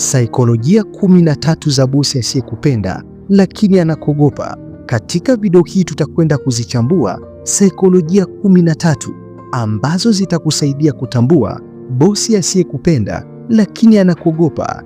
Saikolojia kumi na tatu za bosi asiyekupenda lakini anakuogopa. Katika video hii tutakwenda kuzichambua saikolojia kumi na tatu ambazo zitakusaidia kutambua bosi asiyekupenda lakini anakuogopa.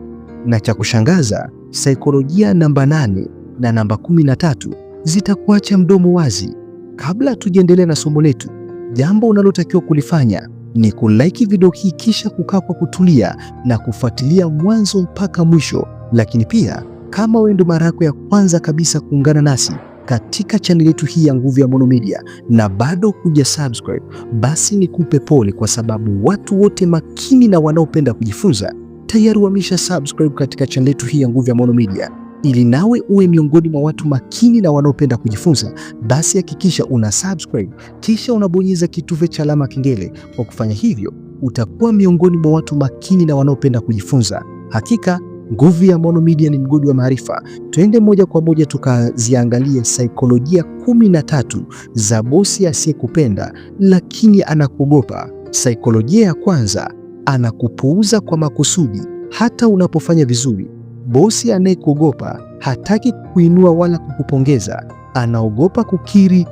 Na cha kushangaza, saikolojia namba nane na namba kumi na tatu zitakuacha mdomo wazi. Kabla tujiendelee na somo letu, jambo unalotakiwa kulifanya ni kulaiki video hii kisha kukaa kwa kutulia na kufuatilia mwanzo mpaka mwisho. Lakini pia kama wewe ndo mara yako ya kwanza kabisa kuungana nasi katika chaneli yetu hii ya Nguvu ya Maono Media na bado kuja subscribe, basi nikupe pole, kwa sababu watu wote makini na wanaopenda kujifunza tayari wamesha subscribe katika chaneli yetu hii ya Nguvu ya Maono Media. Ili nawe uwe miongoni mwa watu makini na wanaopenda kujifunza, basi hakikisha una subscribe kisha unabonyeza kitufe cha alama kengele. Kwa kufanya hivyo, utakuwa miongoni mwa watu makini na wanaopenda kujifunza. Hakika nguvu ya Maono Media ni mgodi wa maarifa. Twende moja kwa moja tukaziangalie saikolojia kumi na tatu za bosi asiyekupenda lakini anakuogopa. Saikolojia ya kwanza, anakupuuza kwa makusudi hata unapofanya vizuri bosi anayekuogopa hataki kuinua wala kukupongeza, anaogopa kukiri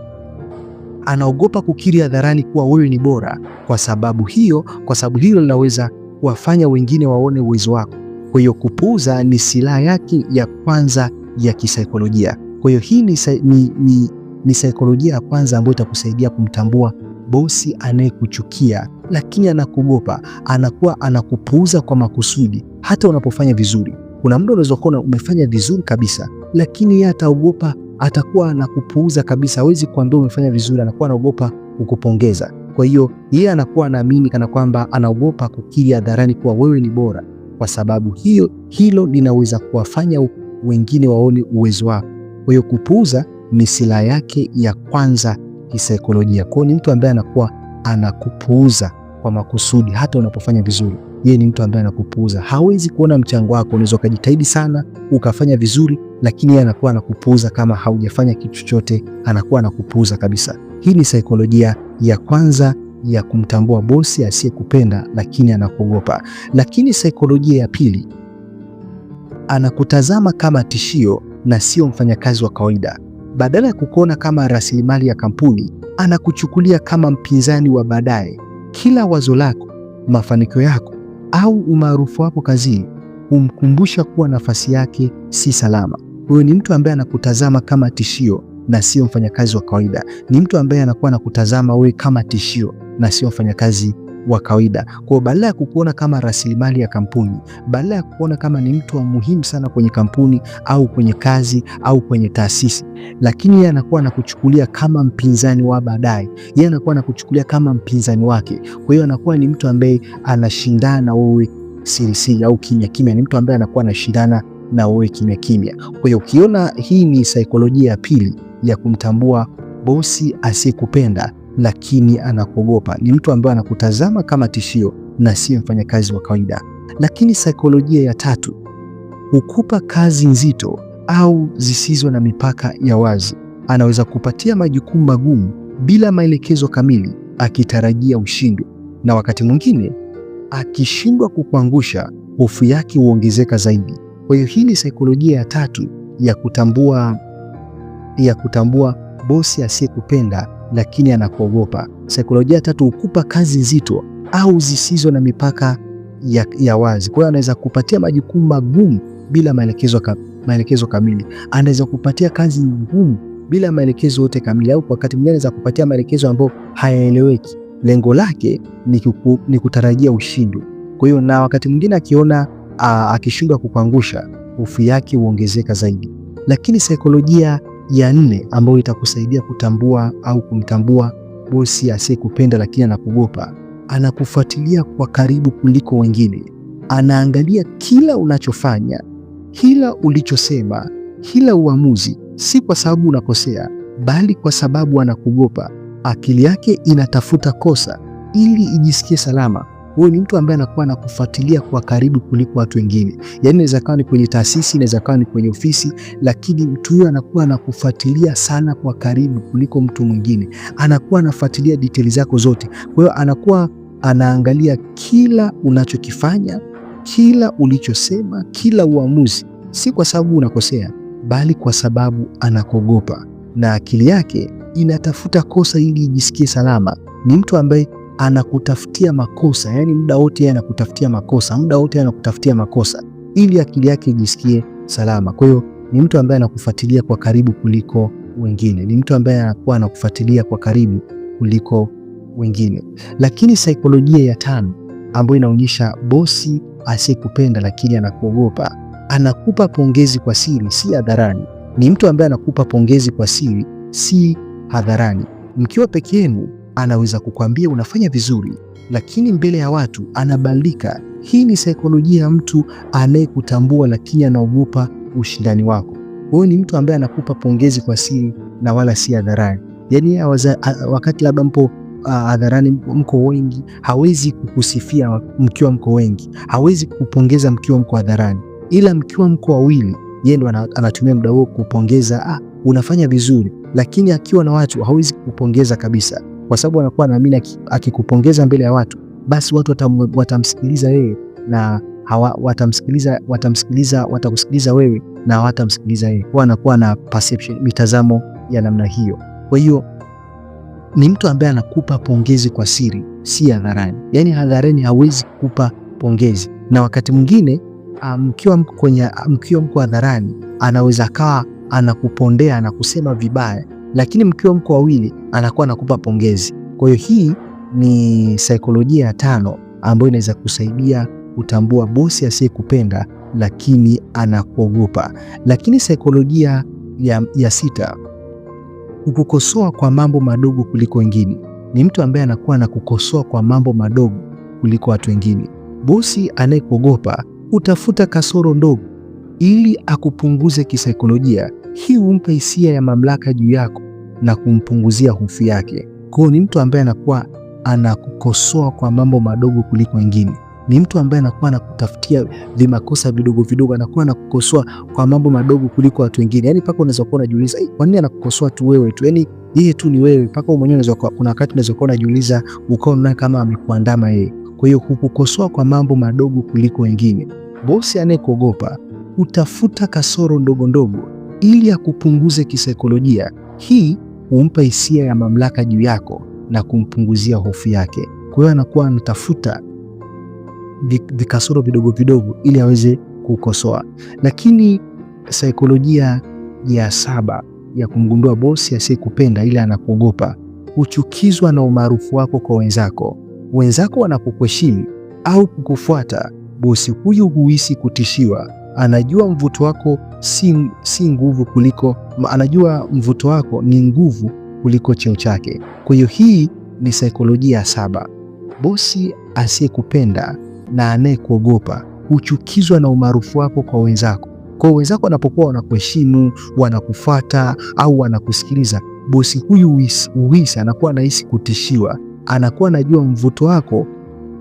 anaogopa kukiri hadharani kuwa wewe ni bora. Kwa sababu hiyo, kwa sababu hilo linaweza kuwafanya wengine waone uwezo wako. Kwa hiyo kupuuza ni silaha yake ya kwanza ya kisaikolojia. Kwa hiyo hii ni, ni, ni, ni saikolojia ya kwanza ambayo itakusaidia kumtambua bosi anayekuchukia lakini anakuogopa, anakuwa anakupuuza kwa makusudi hata unapofanya vizuri. Kuna mtu unaweza kuona umefanya vizuri kabisa, lakini yeye ataogopa, atakuwa anakupuuza kabisa. Hawezi kuambia umefanya vizuri, anakuwa anaogopa kukupongeza. Kwa hiyo yeye anakuwa anaamini kana kwamba anaogopa kukiri hadharani kuwa wewe ni bora. Kwa sababu hiyo, hilo linaweza kuwafanya wengine waone uwezo wako. Kwa hiyo kupuuza ni silaha yake ya kwanza kisaikolojia. Kwa hiyo ni mtu ambaye anakuwa anakupuuza kwa makusudi hata unapofanya vizuri yeye ni mtu ambaye anakupuuza, hawezi kuona mchango wako. Unaweza ukajitahidi sana ukafanya vizuri, lakini yeye anakuwa anakupuuza. Kama haujafanya kitu chochote, anakuwa anakupuuza kabisa. Hii ni saikolojia ya kwanza ya kumtambua bosi asiyekupenda lakini anakuogopa. Lakini saikolojia ya pili, anakutazama kama tishio na sio mfanyakazi wa kawaida. Badala ya kukuona kama rasilimali ya kampuni, anakuchukulia kama mpinzani wa baadaye. Kila wazo lako, mafanikio yako au umaarufu wako kazini humkumbusha kuwa nafasi yake si salama. Huyo ni mtu ambaye anakutazama kama tishio na sio mfanyakazi wa kawaida. Ni mtu ambaye anakuwa anakutazama wewe kama tishio na sio mfanyakazi wa kawaida. Kwa hiyo badala ya kukuona kama rasilimali ya kampuni, badala ya kukuona kama ni mtu wa muhimu sana kwenye kampuni au kwenye kazi au kwenye taasisi, lakini yeye anakuwa anakuchukulia kama mpinzani wa baadaye, yeye anakuwa anakuchukulia kama mpinzani wake. Kwa hiyo anakuwa ni mtu ambaye anashindana wewe sirisiri au kimya kimya, ni mtu ambaye anakuwa anashindana na wewe kimya kimya. Kwa hiyo ukiona, hii ni saikolojia ya pili ya kumtambua bosi asiyekupenda lakini anakuogopa. Ni mtu ambaye anakutazama kama tishio na si mfanyakazi wa kawaida. Lakini saikolojia ya tatu hukupa kazi nzito au zisizo na mipaka ya wazi. Anaweza kupatia majukumu magumu bila maelekezo kamili, akitarajia ushindi, na wakati mwingine akishindwa kukuangusha, hofu yake huongezeka zaidi. Kwa hiyo hii ni saikolojia ya tatu ya kutambua, ya kutambua bosi asiyekupenda lakini anakuogopa. Saikolojia tatu hukupa kazi nzito au zisizo na mipaka ya, ya wazi. Kwa hiyo anaweza kupatia majukumu magumu bila maelekezo, ka, maelekezo kamili. Anaweza kupatia kazi ngumu bila maelekezo yote kamili, au wakati mwingine anaweza kupatia maelekezo ambayo hayaeleweki. Lengo lake ni, kuku, ni kutarajia ushindi. Kwa hiyo na wakati mwingine akiona akishindwa kukuangusha, hofu yake huongezeka zaidi. Lakini saikolojia ya nne ambayo itakusaidia kutambua au kumtambua bosi asiyekupenda lakini anakugopa. Anakufuatilia kwa karibu kuliko wengine, anaangalia kila unachofanya, kila ulichosema, kila uamuzi, si kwa sababu unakosea, bali kwa sababu anakugopa. Akili yake inatafuta kosa ili ijisikie salama. Huyu ni mtu ambaye anakuwa anakufuatilia kwa karibu kuliko watu wengine. Yaani inaweza kuwa ni kwenye taasisi, inaweza kuwa ni kwenye ofisi, lakini mtu huyo anakuwa anakufuatilia sana kwa karibu kuliko mtu mwingine. Anakuwa anafuatilia detail zako zote. Kwa hiyo anakuwa anaangalia kila unachokifanya, kila ulichosema, kila uamuzi, si kwa sababu unakosea, bali kwa sababu anakuogopa na akili yake inatafuta kosa ili ijisikie salama. Ni mtu ambaye anakutafutia makosa, yani muda wote anakutafutia makosa, muda wote anakutafutia makosa ili akili yake ijisikie salama. Kwa hiyo ni mtu ambaye anakufuatilia kwa karibu kuliko wengine, ni mtu ambaye anakuwa anakufuatilia kwa karibu kuliko wengine. Lakini saikolojia ya tano ambayo inaonyesha bosi asiyekupenda lakini anakuogopa, anakupa pongezi kwa siri, si hadharani. Ni mtu ambaye anakupa pongezi kwa siri, si hadharani. Mkiwa peke yenu anaweza kukwambia unafanya vizuri, lakini mbele ya watu anabadilika. Hii ni saikolojia ya mtu anayekutambua, lakini anaogopa ushindani wako. Wewe ni mtu ambaye anakupa pongezi kwa siri na wala si hadharani. Yani awaza, wakati labda mpo hadharani mko wengi, hawezi kukusifia mkiwa mko wengi, hawezi kukupongeza mkiwa mko hadharani, ila mkiwa mko wawili, yeye ndo anatumia muda huo kupongeza, ah, unafanya vizuri, lakini akiwa na watu hawezi kukupongeza kabisa kwa sababu anakuwa anaamini akikupongeza mbele ya watu, basi watu watam, watamsikiliza yeye na hawa, watamsikiliza, watamsikiliza, watakusikiliza wewe na watamsikiliza yeye, kwa anakuwa na perception, mitazamo ya namna hiyo. Kwa hiyo ni mtu ambaye anakupa pongezi kwa siri, si hadharani. Yaani hadharani hawezi kukupa pongezi, na wakati mwingine ah, mkiwa um, kwenye mkiwa mko hadharani, anaweza kawa anakupondea na kusema vibaya, lakini mkiwa mko wawili anakuwa anakupa pongezi. Kwa hiyo hii ni saikolojia ya tano ambayo inaweza kusaidia kutambua bosi asiyekupenda lakini anakuogopa. Lakini saikolojia ya, ya sita, kukukosoa kwa mambo madogo kuliko wengine. Ni mtu ambaye anakuwa anakukosoa kwa mambo madogo kuliko watu wengine. Bosi anayekuogopa hutafuta kasoro ndogo ili akupunguze kisaikolojia. Hii humpa hisia ya mamlaka juu yako na kumpunguzia hofu yake. Kwa ni mtu ambaye anakuwa anakukosoa kwa mambo madogo kuliko wengine. Ni mtu ambaye anakuwa anakutafutia vimakosa vidogo vidogo, anakuwa anakukosoa kwa mambo madogo kuliko watu wengine. Yani paka unaweza kuwa unajiuliza, hey, eh, kwa nini anakukosoa tu wewe tu? Yani yeye tu ni wewe, Paka wewe mwenyewe unaweza kuna wakati unaweza kuwa unajiuliza ukao unaona kama amekuandama yeye. Kwa hiyo hukukosoa kwa mambo madogo kuliko wengine. Bosi anayekuogopa hutafuta kasoro ndogo ndogo ili akupunguze kisaikolojia. Hii humpa hisia ya mamlaka juu yako na kumpunguzia hofu yake. Kwa hiyo anakuwa anatafuta vikasoro vidogo vidogo ili aweze kukosoa. Lakini saikolojia ya saba ya kumgundua bosi asiyekupenda ila anakuogopa, huchukizwa na umaarufu wako kwa wenzako. Wenzako wanapokuheshimu au kukufuata, bosi huyu huhisi kutishiwa anajua mvuto wako si, si nguvu kuliko, anajua mvuto wako ni nguvu kuliko cheo chake. Kwa hiyo hii ni saikolojia ya saba. Bosi asiyekupenda na anayekuogopa huchukizwa na umaarufu wako kwa wenzako. Kwa wenzako wanapokuwa wanakuheshimu, wanakufuata au wanakusikiliza, bosi huyu uhisi anakuwa anahisi kutishiwa, anakuwa anajua mvuto wako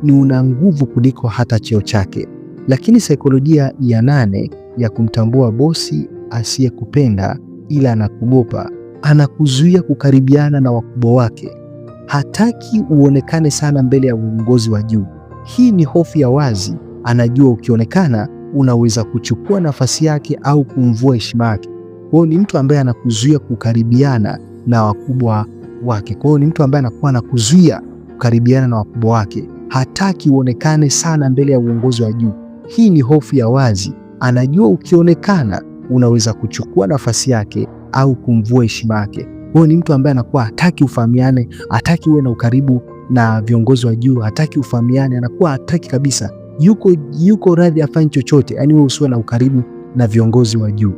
ni una nguvu kuliko hata cheo chake. Lakini saikolojia ya nane ya kumtambua bosi asiyekupenda ila anakugopa, anakuzuia kukaribiana na wakubwa wake, hataki uonekane sana mbele ya uongozi wa juu. Hii ni hofu ya wazi, anajua ukionekana unaweza kuchukua nafasi yake au kumvua heshima yake. Kwa hiyo ni mtu ambaye anakuzuia kukaribiana na wakubwa wake. Kwa hiyo ni mtu ambaye anakuwa anakuzuia kukaribiana na wakubwa wake, hataki uonekane sana mbele ya uongozi wa juu. Hii ni hofu ya wazi. Anajua ukionekana unaweza kuchukua nafasi yake au kumvua heshima yake. Huyo ni mtu ambaye anakuwa hataki ufahamiane, hataki uwe na ukaribu na viongozi wa juu, hataki ufahamiane, anakuwa hataki kabisa, yuko yuko radhi afanye chochote, yani wewe usiwe na ukaribu na viongozi wa juu.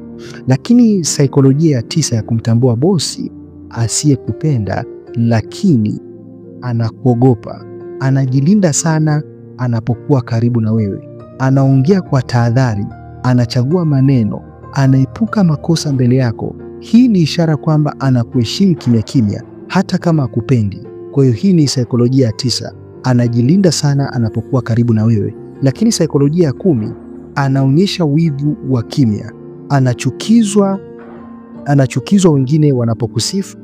Lakini saikolojia ya tisa ya kumtambua bosi asiyekupenda lakini anakuogopa, anajilinda sana anapokuwa karibu na wewe anaongea kwa tahadhari, anachagua maneno, anaepuka makosa mbele yako. Hii ni ishara kwamba anakuheshimu kimya kimya, hata kama akupendi. Kwa hiyo hii ni saikolojia ya tisa, anajilinda sana anapokuwa karibu na wewe. Lakini saikolojia ya kumi, anaonyesha wivu wa kimya, anachukizwa anachukizwa wengine wanapokusifu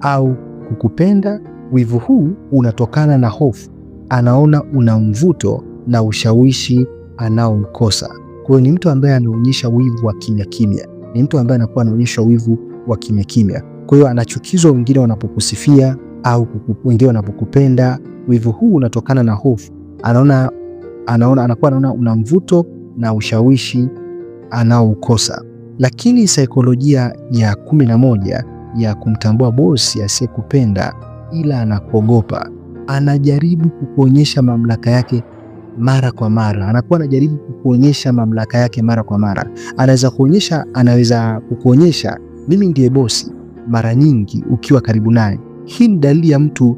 au kukupenda. Wivu huu unatokana na hofu, anaona una mvuto na ushawishi anaomkosa. Kwa hiyo ni mtu ambaye anaonyesha wivu wa kimya kimya, ni mtu ambaye anakuwa anaonyesha wivu wa kimya kimya. Kwa hiyo anachukizwa wengine wanapokusifia au wengine wanapokupenda. Wivu huu unatokana na hofu, anaona anaona anakuwa anaona una mvuto na ushawishi anaoukosa. Lakini saikolojia ya kumi na moja ya kumtambua bosi asiyekupenda ila anakuogopa, anajaribu kukuonyesha mamlaka yake mara kwa mara, anakuwa anajaribu kukuonyesha mamlaka yake mara kwa mara. Anaweza kuonyesha, anaweza kukuonyesha mimi ndiye bosi mara nyingi ukiwa karibu naye. Hii ni dalili ya mtu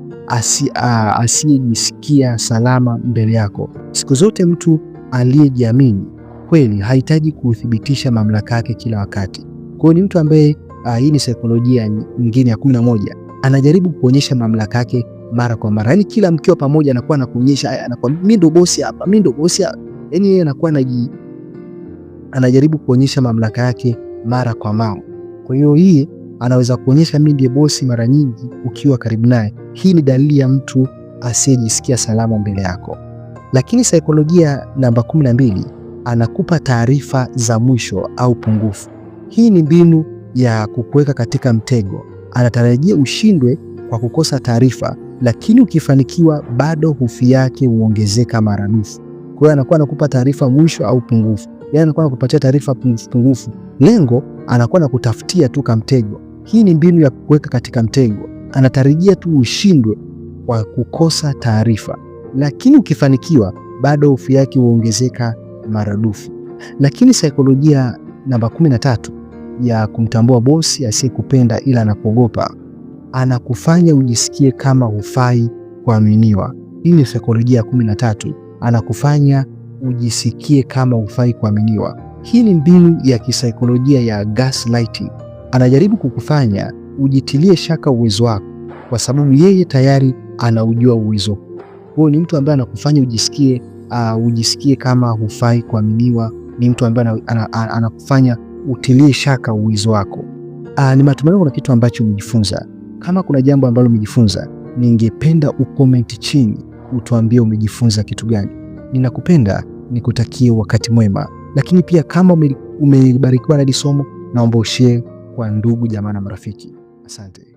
asiyejisikia salama mbele yako. Siku zote mtu aliyejiamini kweli hahitaji kuthibitisha mamlaka yake kila wakati. Kwa hiyo ni mtu ambaye, hii ni saikolojia nyingine ya 11, anajaribu kuonyesha mamlaka yake mara kwa mara, yani kila mkiwa pamoja anakuwa anakuonyesha, anakuwa mimi ndo bosi hapa, mimi ndo bosi hapa, yani yeye anakuwa anaji anajaribu kuonyesha mamlaka yake mara kwa mara. Kwa hiyo hii anaweza kuonyesha mimi ndiye bosi mara nyingi ukiwa karibu naye. Hii ni dalili ya mtu asiyejisikia salama mbele yako. Lakini saikolojia namba 12 anakupa taarifa za mwisho au pungufu. Hii ni mbinu ya kukuweka katika mtego. Anatarajia ushindwe kwa kukosa taarifa lakini ukifanikiwa bado hofu yake huongezeka maradufu. Kwa hiyo anakuwa anakupa taarifa mwisho au pungufu, yaani anakuwa anakupatia taarifa pungufu, lengo anakuwa na kutafutia tu kamtego. Hii ni mbinu ya kuweka katika mtego, anatarajia tu ushindwe kwa kukosa taarifa, lakini ukifanikiwa bado hofu yake huongezeka maradufu. Lakini saikolojia namba 13 ya kumtambua bosi asiyekupenda ila anakuogopa anakufanya ujisikie kama hufai kuaminiwa. Hii ni saikolojia ya kumi na tatu, anakufanya ujisikie kama hufai kuaminiwa. Hii ni mbinu ya kisaikolojia ya gaslighting. Anajaribu kukufanya ujitilie shaka uwezo wako, kwa sababu yeye tayari anaujua uwezo. Huyo ni mtu ambaye anakufanya ujisikie uh, ujisikie kama hufai kuaminiwa. Ni mtu ambaye anakufanya utilie shaka uwezo wako. Uh, ni matumaini kuna kitu ambacho umejifunza. Kama kuna jambo ambalo umejifunza, ningependa ukomenti chini utuambie umejifunza kitu gani. Ninakupenda, nikutakie wakati mwema. Lakini pia kama umebarikiwa na hili somo, naomba ushare kwa ndugu, jamaa na marafiki. Asante.